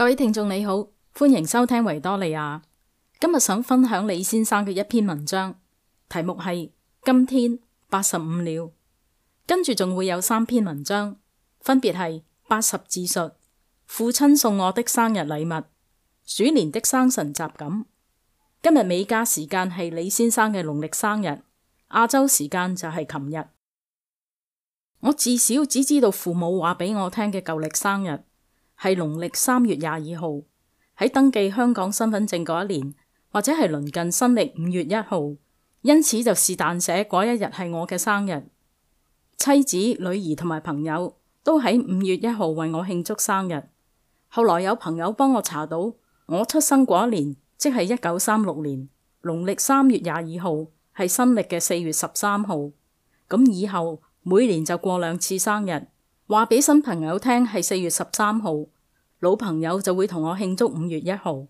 各位聽眾你好，歡迎收聽維多利亞。今日想分享李先生嘅一篇文章，題目係今天八十五了。跟住仲會有三篇文章，分別係八十自述、父親送我的生日禮物、鼠年的生辰雜感。今日美加時間係李先生嘅農曆生日，亞洲時間就係琴日。我至少只知道父母話俾我聽嘅舊曆生日。係農曆三月廿二號，喺登記香港身份證嗰一年，或者係鄰近新曆五月一號，因此就是但寫嗰一日係我嘅生日。妻子、女兒同埋朋友都喺五月一號為我慶祝生日。後來有朋友幫我查到我出生嗰一年，即係一九三六年，農曆三月廿二號係新曆嘅四月十三號。咁以後每年就過兩次生日。話俾新朋友聽係四月十三號，老朋友就會同我慶祝五月一號。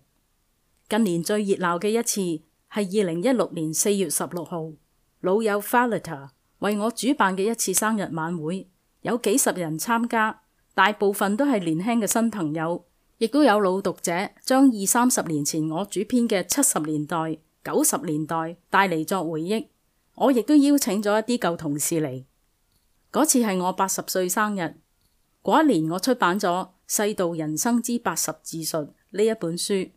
近年最熱鬧嘅一次係二零一六年四月十六號，老友 Falter 為我主辦嘅一次生日晚會，有幾十人參加，大部分都係年輕嘅新朋友，亦都有老讀者將二三十年前我主編嘅七十年代、九十年代帶嚟作回憶。我亦都邀請咗一啲舊同事嚟。嗰次係我八十歲生日嗰一年，我出版咗《世道人生之八十自述》呢一本書。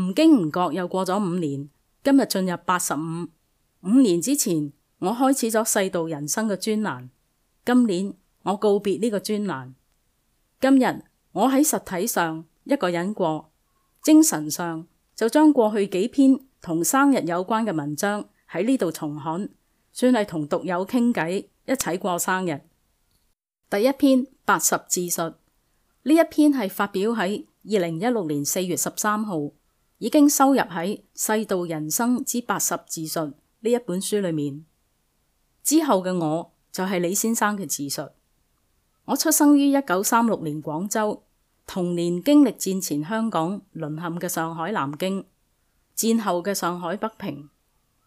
唔經唔覺又過咗五年，今日進入八十五。五年之前我開始咗《世道人生》嘅專欄，今年我告別呢個專欄。今日我喺實體上一個人過，精神上就將過去幾篇同生日有關嘅文章喺呢度重刊，算係同讀友傾偈。一齊過生日。第一篇《八十自述》，呢一篇係發表喺二零一六年四月十三號，已經收入喺《世道人生之八十自述》呢一本書裏面。之後嘅我就係李先生嘅自述。我出生於一九三六年廣州，童年經歷戰前香港淪陷嘅上海南京，戰後嘅上海北平，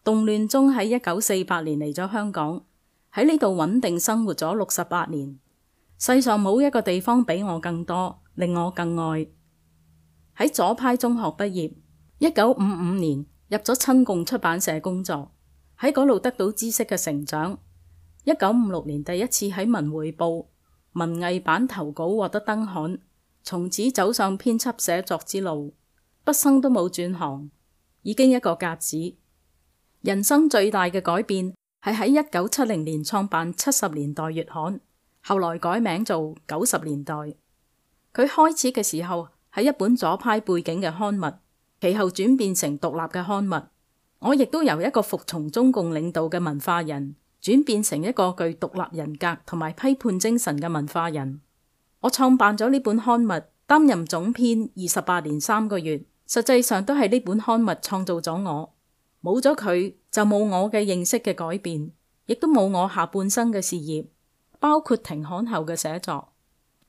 動亂中喺一九四八年嚟咗香港。喺呢度穩定生活咗六十八年，世上冇一個地方比我更多，令我更愛。喺左派中學畢業，一九五五年入咗親共出版社工作，喺嗰度得到知識嘅成長。一九五六年第一次喺《文匯報》文藝版投稿，獲得登刊，從此走上編輯寫作之路，畢生都冇轉行，已經一個格子。人生最大嘅改變。係喺一九七零年創辦七十年代月刊，後來改名做九十年代。佢開始嘅時候係一本左派背景嘅刊物，其後轉變成獨立嘅刊物。我亦都由一個服從中共領導嘅文化人，轉變成一個具獨立人格同埋批判精神嘅文化人。我創辦咗呢本刊物，擔任總編二十八年三個月，實際上都係呢本刊物創造咗我，冇咗佢，就冇我嘅認識嘅改變，亦都冇我下半生嘅事業，包括停刊後嘅寫作。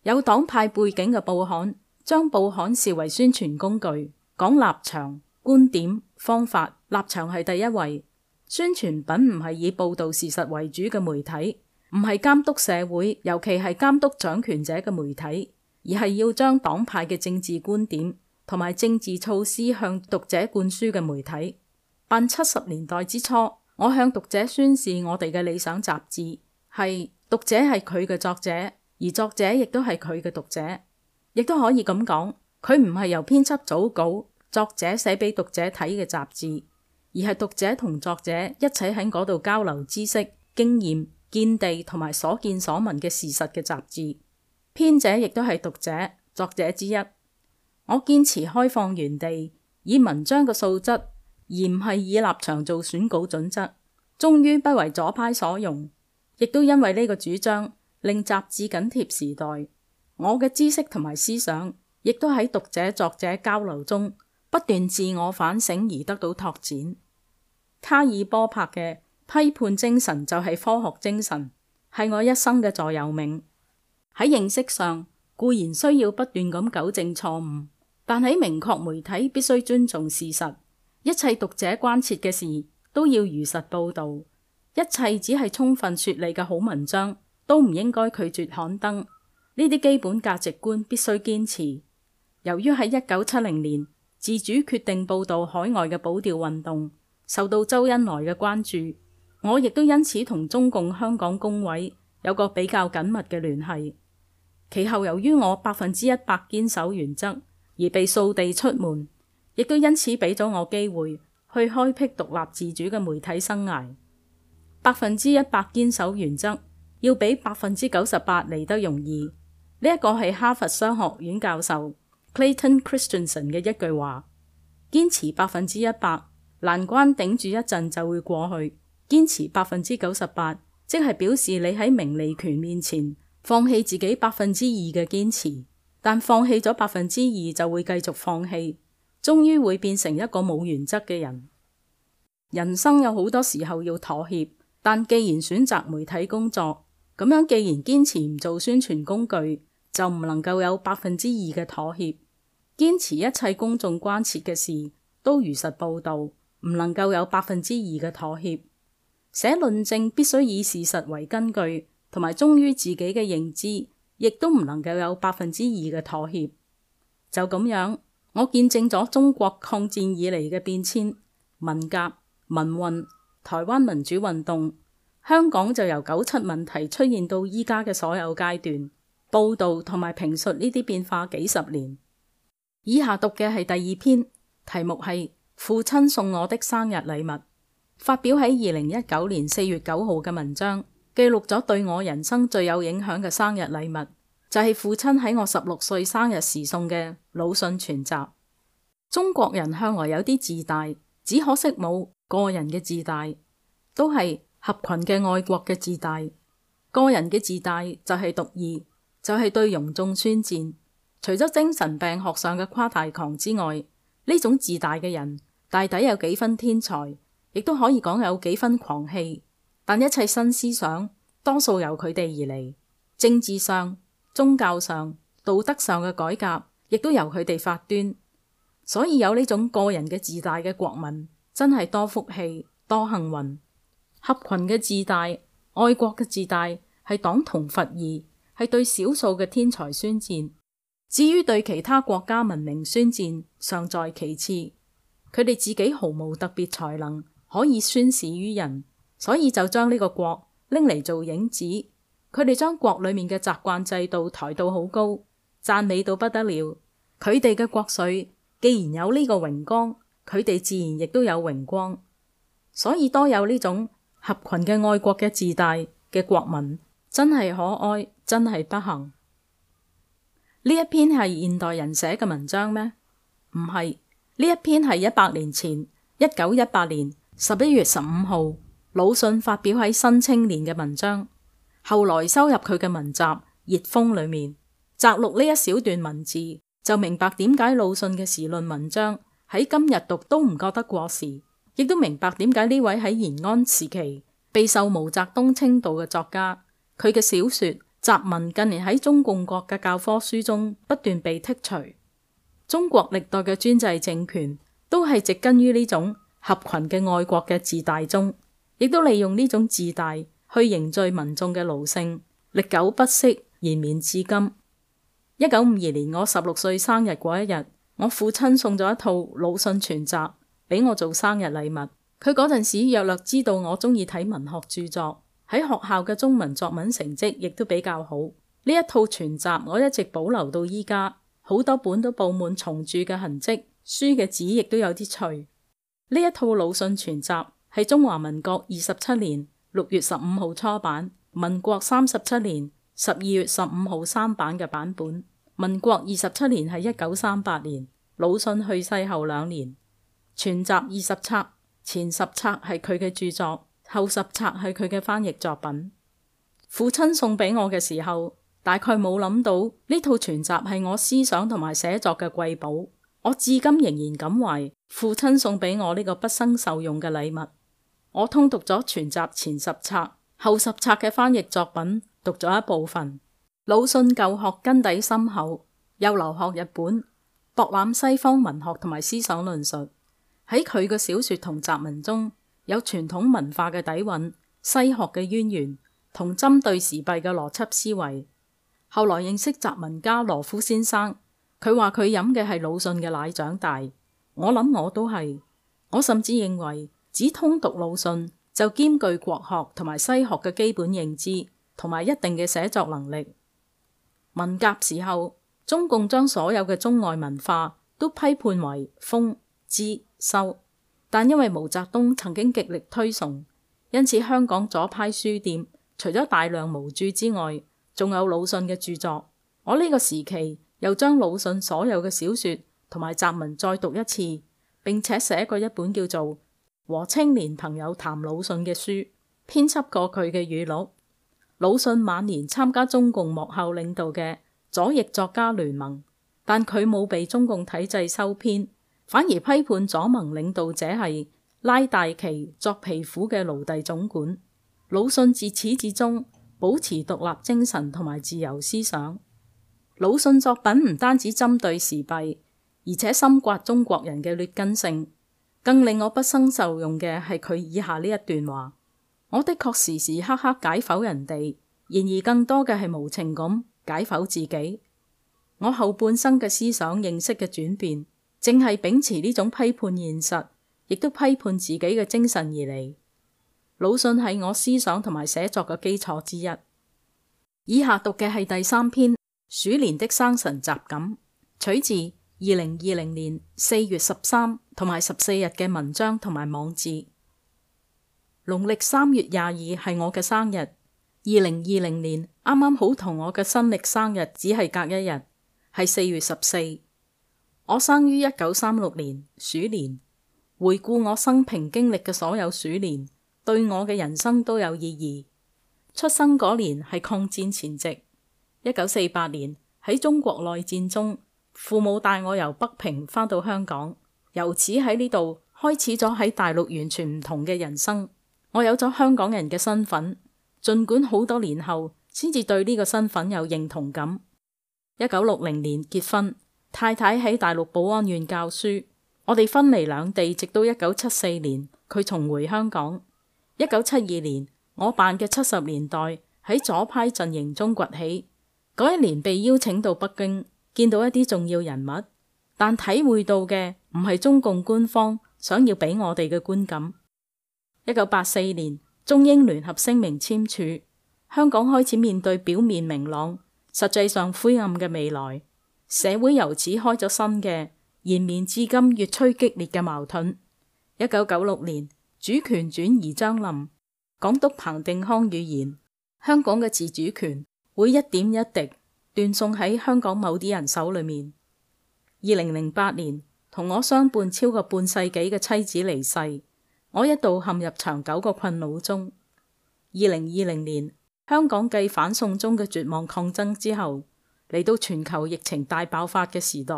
有黨派背景嘅報刊，將報刊視為宣傳工具，講立場、觀點、方法。立場係第一位，宣傳品唔係以報道事實為主嘅媒體，唔係監督社會，尤其係監督掌權者嘅媒體，而係要將黨派嘅政治觀點同埋政治措施向讀者灌輸嘅媒體。奔七十年代之初，我向讀者宣示，我哋嘅理想雜誌係讀者係佢嘅作者，而作者亦都係佢嘅讀者，亦都可以咁講。佢唔係由編輯組稿，作者寫俾讀者睇嘅雜誌，而係讀者同作者一齊喺嗰度交流知識、經驗、見地同埋所見所聞嘅事實嘅雜誌。編者亦都係讀者、作者之一。我堅持開放園地，以文章嘅素質。而唔係以立場做選稿準則，終於不為左派所用，亦都因為呢個主張令雜誌緊貼時代。我嘅知識同埋思想，亦都喺讀者作者交流中不斷自我反省而得到拓展。卡爾波柏嘅批判精神就係科學精神，係我一生嘅座右銘。喺認識上固然需要不斷咁糾正錯誤，但喺明確媒體必須尊重事實。一切讀者關切嘅事都要如實報道，一切只係充分說理嘅好文章都唔應該拒絕刊登。呢啲基本價值觀必須堅持。由於喺一九七零年自主決定報道海外嘅保釣運動，受到周恩來嘅關注，我亦都因此同中共香港工委有個比較緊密嘅聯繫。其後由於我百分之一百堅守原則，而被掃地出門。亦都因此俾咗我機會去開闢獨立自主嘅媒體生涯。百分之一百堅守原則，要比百分之九十八嚟得容易。呢個係哈佛商學院教授 Clayton Christensen 嘅一句話：堅持百分之一百，難關頂住一陣就會過去；堅持百分之九十八，即係表示你喺名利權面前放棄自己百分之二嘅堅持，但放棄咗百分之二就會繼續放棄。終於會變成一個冇原則嘅人。人生有好多時候要妥協，但既然選擇媒體工作，咁樣既然堅持唔做宣傳工具，就唔能夠有百分之二嘅妥協。堅持一切公眾關切嘅事都如實報道，唔能夠有百分之二嘅妥協。寫論證必須以事實為根據，同埋忠於自己嘅認知，亦都唔能夠有百分之二嘅妥協。就咁樣。我見證咗中國抗戰以嚟嘅變遷、文革、民運、台灣民主運動、香港就由九七問題出現到依家嘅所有階段，報道同埋評述呢啲變化幾十年。以下讀嘅係第二篇，題目係《父親送我的生日禮物》，發表喺二零一九年四月九號嘅文章，記錄咗對我人生最有影響嘅生日禮物。就係父親喺我十六歲生日時送嘅《魯迅全集》。中國人向來有啲自大，只可惜冇個人嘅自大，都係合群嘅、愛國嘅自大。個人嘅自大就係獨異，就係、是、對庸眾宣戰。除咗精神病學上嘅誇大狂之外，呢種自大嘅人大抵有幾分天才，亦都可以講有幾分狂氣。但一切新思想多數由佢哋而嚟，政治上。宗教上道德上嘅改革，亦都由佢哋發端，所以有呢種個人嘅自大嘅國民，真係多福氣多幸運。合群嘅自大、愛國嘅自大，係黨同伐異，係對少數嘅天才宣戰。至於對其他國家文明宣戰，尚在其次。佢哋自己毫無特別才能可以宣示於人，所以就將呢個國拎嚟做影子。佢哋將國裏面嘅習慣制度抬到好高，讚美到不得了。佢哋嘅國粹既然有呢個榮光，佢哋自然亦都有榮光，所以多有呢種合群嘅愛國嘅自大嘅國民，真係可愛，真係不幸。呢一篇係現代人寫嘅文章咩？唔係，呢一篇係一百年前，一九一八年十一月十五號，魯迅發表喺《新青年》嘅文章。後來收入佢嘅文集《熱風》裏面，摘錄呢一小段文字，就明白點解魯迅嘅時論文章喺今日讀都唔覺得過時，亦都明白點解呢位喺延安時期備受毛澤東稱道嘅作家，佢嘅小說、雜文近年喺中共國嘅教科書中不斷被剔除。中國歷代嘅專制政權都係植根於呢種合群嘅愛國嘅自大中，亦都利用呢種自大。去凝聚民眾嘅奴性，歷久不息，延綿至今。一九五二年，我十六歲生日嗰一日，我父親送咗一套《魯迅全集》俾我做生日禮物。佢嗰陣時約略知道我中意睇文學著作，喺學校嘅中文作文成績亦都比較好。呢一套全集我一直保留到依家，好多本都布滿蟲蛀嘅痕迹，書嘅紙亦都有啲脆。呢一套魯迅全集係中華民國二十七年，六月十五號初版，民國三十七年十二月十五號三版嘅版本。民國二十七年係一九三八年，魯迅去世後兩年。全集二十冊，前十冊係佢嘅著作，後十冊係佢嘅翻譯作品。父親送俾我嘅時候，大概冇諗到呢套全集係我思想同埋寫作嘅瑰寶。我至今仍然感懷父親送俾我呢個畢生受用嘅禮物。我通讀咗全集前十冊、後十冊嘅翻譯作品，讀咗一部分。魯迅舊學根底深厚，又留學日本，博覽西方文學同埋思想論述。喺佢嘅小說同雜文中有傳統文化嘅底蘊、西學嘅淵源同針對時弊嘅邏輯思維。後來認識雜文家羅夫先生，佢話佢飲嘅係魯迅嘅奶長大，我諗我都係，我甚至認為。只通讀魯迅，就兼具國學同埋西學嘅基本認知，同埋一定嘅寫作能力。文革時候，中共將所有嘅中外文化都批判為封、資、修，但因為毛澤東曾經極力推崇，因此香港左派書店除咗大量無著之外，仲有魯迅嘅著作。我呢個時期又將魯迅所有嘅小說同埋雜文再讀一次，並且寫過一本叫做。和青年朋友談魯迅嘅書，編輯過佢嘅語錄。魯迅晚年參加中共幕後領導嘅左翼作家聯盟，但佢冇被中共體制收編，反而批判左盟領導者係拉大旗作皮虎嘅奴隸總管。魯迅自始至終保持獨立精神同埋自由思想。魯迅作品唔單止針對時弊，而且深掘中國人嘅劣根性。更令我不生受用嘅係佢以下呢一段話：我的確時時刻刻解剖人哋，然而更多嘅係無情咁解剖自己。我後半生嘅思想認識嘅轉變，正係秉持呢種批判現實，亦都批判自己嘅精神而嚟。魯迅係我思想同埋寫作嘅基礎之一。以下讀嘅係第三篇《鼠年的生辰雜感》，取自二零二零年四月十三。同埋十四日嘅文章同埋網誌。農曆三月廿二係我嘅生日，二零二零年啱啱好同我嘅新曆生日只係隔一日，係四月十四。我生於一九三六年鼠年，回顧我生平經歷嘅所有鼠年，對我嘅人生都有意義。出生嗰年係抗戰前夕，一九四八年喺中國內戰中，父母帶我由北平返到香港。由此喺呢度開始咗喺大陸完全唔同嘅人生，我有咗香港人嘅身份，盡管好多年後先至對呢個身份有認同感。一九六零年結婚，太太喺大陸保安院教書，我哋分離兩地，直到一九七四年佢重回香港。一九七二年，我辦嘅七十年代喺左派陣營中崛起，嗰一年被邀請到北京，見到一啲重要人物，但體會到嘅唔係中共官方想要俾我哋嘅觀感。一九八四年，中英聯合聲明簽署，香港開始面對表面明朗、實際上灰暗嘅未來。社會由此開咗新嘅，延綿至今越趨激烈嘅矛盾。一九九六年，主權轉移將臨，港督彭定康預言：香港嘅自主權會一點一滴斷送喺香港某啲人手裏面。二零零八年。同我相伴超過半世紀嘅妻子離世，我一度陷入長久嘅困擾中。二零二零年，香港繼反送中嘅絕望抗爭之後，嚟到全球疫情大爆發嘅時代，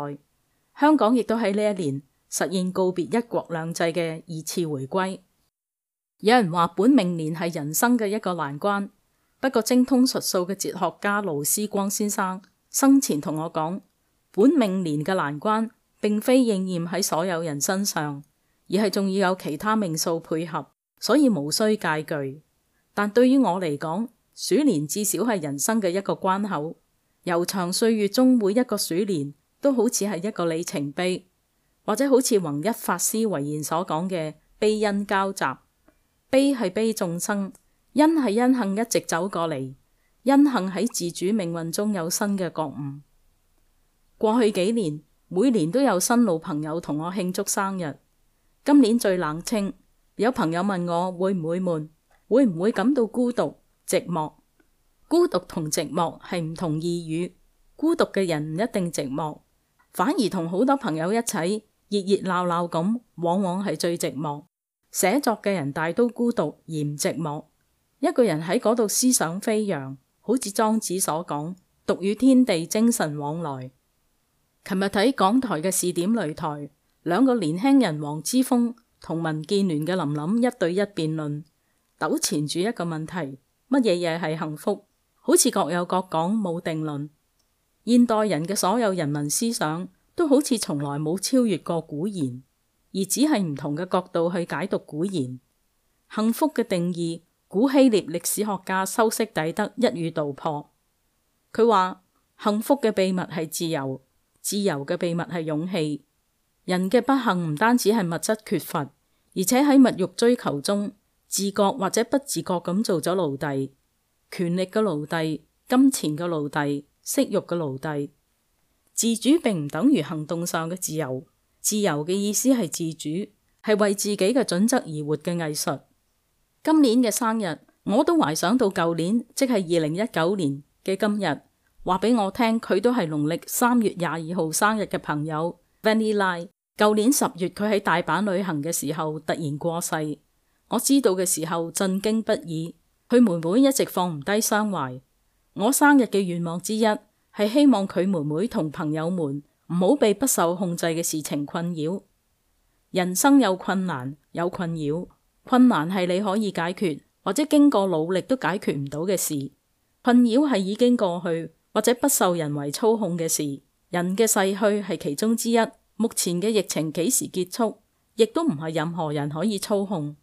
香港亦都喺呢一年實現告別一國兩制嘅二次回歸。有人話本命年係人生嘅一個難關，不過精通術數嘅哲學家勞思光先生生前同我講，本命年嘅難關。並非應驗喺所有人身上，而係仲，要有其他命數配合，所以無需戒懼。但對於我嚟講，鼠年至少係人生嘅一個關口。悠長歲月中每一個鼠年，都好似係一個里程碑，或者好似弘一法師遺言所講嘅悲欣交集。悲係悲眾生，欣係欣幸一直走過嚟，欣幸喺自主命運中有新嘅覺悟。過去幾年，每年都有新老朋友同我慶祝生日，今年最冷清。有朋友問我會唔會悶，會唔會感到孤獨、寂寞？孤獨同寂寞係唔同意語。孤獨嘅人唔一定寂寞，反而同好多朋友一齊熱熱鬧鬧咁，往往係最寂寞。寫作嘅人大都孤獨而唔寂寞，一個人喺嗰度思想飛揚，好似莊子所講，獨與天地精神往來。琴日睇港台嘅視點擂台，兩個年輕人黃之鋒同民建聯嘅林林一對一辯論，糾纏住一個問題：乜嘢嘢係幸福？好似各有各講，冇定論。現代人嘅所有人文思想都好似從來冇超越過古言，而只係唔同嘅角度去解讀古言。幸福嘅定義，古希臘歷史學家修昔底德一語道破，佢話幸福嘅秘密係自由。自由嘅秘密係勇氣。人嘅不幸唔單止係物質缺乏，而且喺物欲追求中，自覺或者不自覺咁做咗奴隸。權力嘅奴隸、金錢嘅奴隸、色欲嘅奴隸。自主並唔等於行動上嘅自由。自由嘅意思係自主，係為自己嘅準則而活嘅藝術。今年嘅生日，我都懷想到舊年，即係二零一九年嘅今日。話俾我聽，佢都係農曆三月廿二號生日嘅朋友 Vanilla。舊年十月佢喺大阪旅行嘅時候突然過世。我知道嘅時候震驚不已。佢妹妹一直放唔低傷懷。我生日嘅願望之一係希望佢妹妹同朋友們唔好被不受控制嘅事情困擾。人生有困難有困擾，困難係你可以解決或者經過努力都解決唔到嘅事，困擾係已經過去，或者不受人為操控嘅事，人嘅逝去係其中之一。目前嘅疫情幾時結束，亦都唔係任何人可以操控。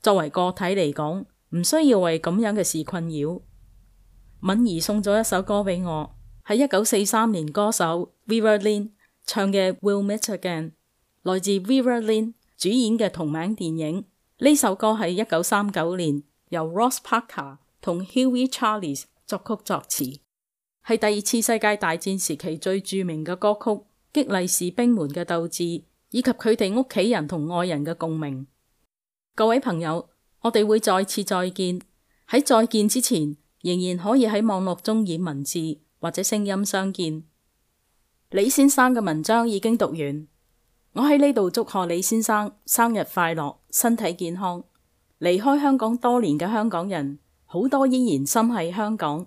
作為個體嚟講，唔需要為咁樣嘅事困擾。敏儀送咗一首歌俾我，喺一九四三年，歌手 Vera Lynn 唱嘅《We'll Meet Again》，來自 Vera Lynn 主演嘅同名電影。呢首歌喺一九三九年由 Ross Parker 同 Hughie Charles 作曲作詞。係第二次世界大戰時期最著名嘅歌曲，激勵士兵們嘅鬥志，以及佢哋屋企人同愛人嘅共鳴。各位朋友，我哋會再次再見。喺再見之前，仍然可以喺網絡中演文字或者聲音相見。李先生嘅文章已經讀完，我喺呢度祝賀李先生生日快樂，身體健康。離開香港多年嘅香港人，好多依然心繫香港。